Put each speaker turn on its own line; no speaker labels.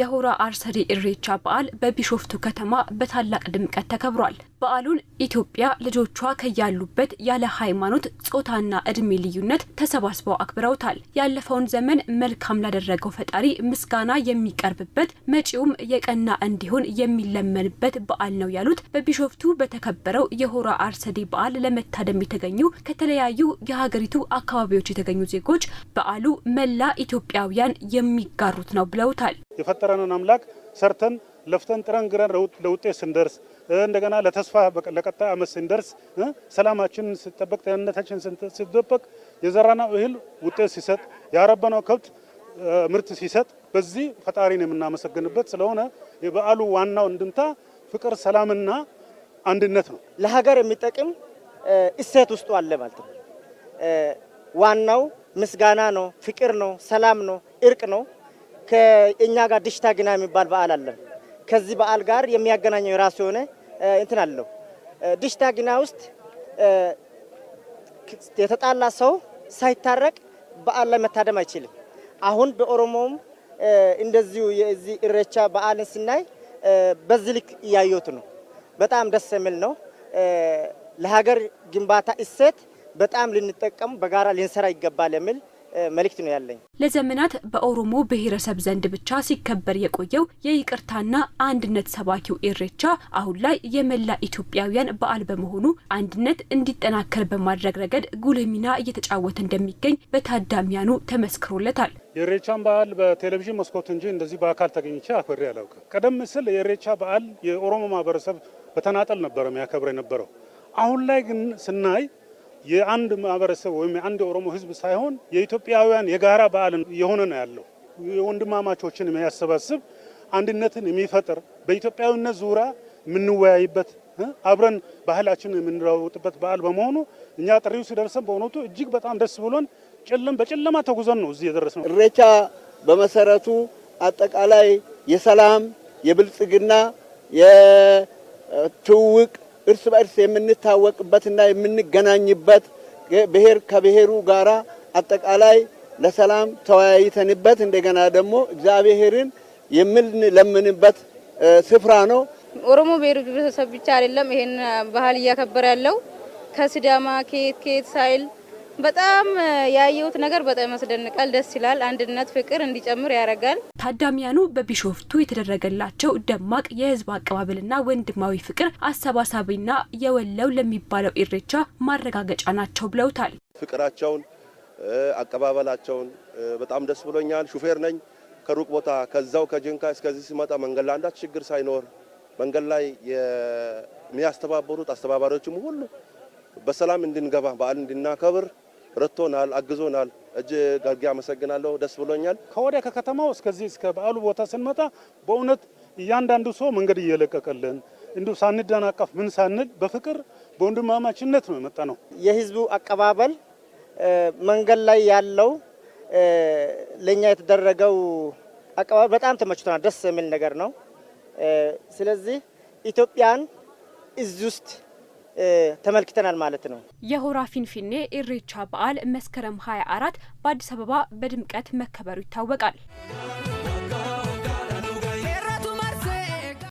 የሆራ አርሰዴ ኢሬቻ በዓል በቢሾፍቱ ከተማ በታላቅ ድምቀት ተከብሯል። በዓሉን ኢትዮጵያ ልጆቿ ከያሉበት ያለ ሃይማኖት፣ ጾታና እድሜ ልዩነት ተሰባስበው አክብረውታል። ያለፈውን ዘመን መልካም ላደረገው ፈጣሪ ምስጋና የሚቀርብበት መጪውም የቀና እንዲሆን የሚለመንበት በዓል ነው ያሉት በቢሾፍቱ በተከበረው የሆራ አርሰዴ በዓል ለመታደም የተገኙ ከተለያዩ የሀገሪቱ አካባቢዎች የተገኙ ዜጎች በዓሉ መላ ኢትዮጵያውያን የሚጋሩት ነው ብለውታል።
የፈጠረንን አምላክ ሰርተን ለፍተን ጥረን ግረን ለውጤት ስንደርስ እንደገና ለተስፋ ለቀጣይ ዓመት ስንደርስ ሰላማችንን ስጠበቅ ጤንነታችን ስንጠበቅ የዘራነው እህል ውጤት ሲሰጥ ያረበነው ከብት ምርት ሲሰጥ በዚህ ፈጣሪን የምናመሰግንበት ስለሆነ የበዓሉ ዋናው እንድምታ ፍቅር፣ ሰላምና አንድነት ነው።
ለሀገር የሚጠቅም እሴት ውስጡ አለ ማለት ነው። ዋናው ምስጋና ነው፣ ፍቅር ነው፣ ሰላም ነው፣ እርቅ ነው። ከእኛ ጋር ድሽታ ግና የሚባል በዓል አለን። ከዚህ በዓል ጋር የሚያገናኘው የራሱ የሆነ እንትን አለው። ድሽታ ግና ውስጥ የተጣላ ሰው ሳይታረቅ በዓል ላይ መታደም አይችልም። አሁን በኦሮሞም እንደዚሁ የዚህ እረቻ በዓልን ስናይ በዚህ ልክ እያየሁት ነው። በጣም ደስ የሚል ነው። ለሀገር ግንባታ እሴት በጣም ልንጠቀሙ በጋራ ልንሰራ ይገባል የሚል መልእክት ነው ያለኝ።
ለዘመናት በኦሮሞ ብሔረሰብ ዘንድ ብቻ ሲከበር የቆየው የይቅርታና አንድነት ሰባኪው ኢሬቻ አሁን ላይ የመላ ኢትዮጵያውያን በዓል በመሆኑ አንድነት እንዲጠናከር በማድረግ ረገድ ጉልህ ሚና እየተጫወተ እንደሚገኝ በታዳሚያኑ ተመስክሮለታል።
የኢሬቻን በዓል በቴሌቪዥን መስኮት እንጂ እንደዚህ በአካል ተገኝቼ አክብሬ አላውቅም። ቀደም ሲል የኢሬቻ በዓል የኦሮሞ ማህበረሰብ በተናጠል ነበረ የሚያከብረ የነበረው። አሁን ላይ ግን ስናይ የአንድ ማህበረሰብ ወይም የአንድ የኦሮሞ ህዝብ ሳይሆን የኢትዮጵያውያን የጋራ በዓል የሆነ ነው ያለው። የወንድማማቾችን የሚያሰባስብ አንድነትን የሚፈጥር በኢትዮጵያዊነት ዙሪያ የምንወያይበት አብረን ባህላችን የምንለውጥበት በዓል በመሆኑ እኛ ጥሪው ሲደርሰን በእውነቱ እጅግ በጣም ደስ ብሎን ጨለም በጨለማ ተጉዘን ነው እዚህ የደረስነው።
እሬቻ በመሰረቱ አጠቃላይ የሰላም የብልጽግና የትውውቅ እርስ በእርስ የምንታወቅበትና የምንገናኝበት ብሔር ከብሔሩ ጋራ አጠቃላይ ለሰላም ተወያይተንበት እንደገና ደግሞ እግዚአብሔርን የምንለምንበት ስፍራ ነው።
ኦሮሞ ብሔር ብሔረሰብ ብቻ አይደለም ይሄን ባህል እያከበረ ያለው ከስዳማ ከየት ከየት ሳይል በጣም ያየሁት ነገር በጣም ያስደንቃል። ደስ ይላል። አንድነት ፍቅር እንዲጨምር ያደርጋል።
ታዳሚያኑ በቢሾፍቱ የተደረገላቸው ደማቅ የህዝብ አቀባበልና ወንድማዊ ፍቅር አሰባሳቢና የወለው ለሚባለው ኢሬቻ ማረጋገጫ ናቸው ብለውታል።
ፍቅራቸውን፣ አቀባበላቸውን በጣም ደስ ብሎኛል። ሹፌር ነኝ ከሩቅ ቦታ ከዛው ከጅንካ እስከዚህ ሲመጣ መንገድ ላይ አንዳች ችግር ሳይኖር መንገድ ላይ የሚያስተባበሩት አስተባባሪዎችም ሁሉ በሰላም እንድንገባ በዓል እንድናከብር ረቶናል፣ አግዞናል። እጅግ አድርጌ አመሰግናለሁ። ደስ ብሎኛል። ከወዲያ ከከተማው እስከዚህ እስከ በዓሉ ቦታ ስንመጣ በእውነት እያንዳንዱ ሰው መንገድ እየለቀቀልን እንዲሁ ሳንደናቀፍ ምን ሳንል በፍቅር በወንድማማችነት ነው የመጣ ነው።
የህዝቡ አቀባበል መንገድ ላይ ያለው ለእኛ የተደረገው አቀባበል በጣም ተመችቶናል። ደስ የሚል ነገር ነው። ስለዚህ ኢትዮጵያን እዚህ ውስጥ ተመልክተናል ማለት ነው።
የሆራ ፊንፊኔ ኢሬቻ በዓል መስከረም 24 በአዲስ አበባ በድምቀት መከበሩ ይታወቃል።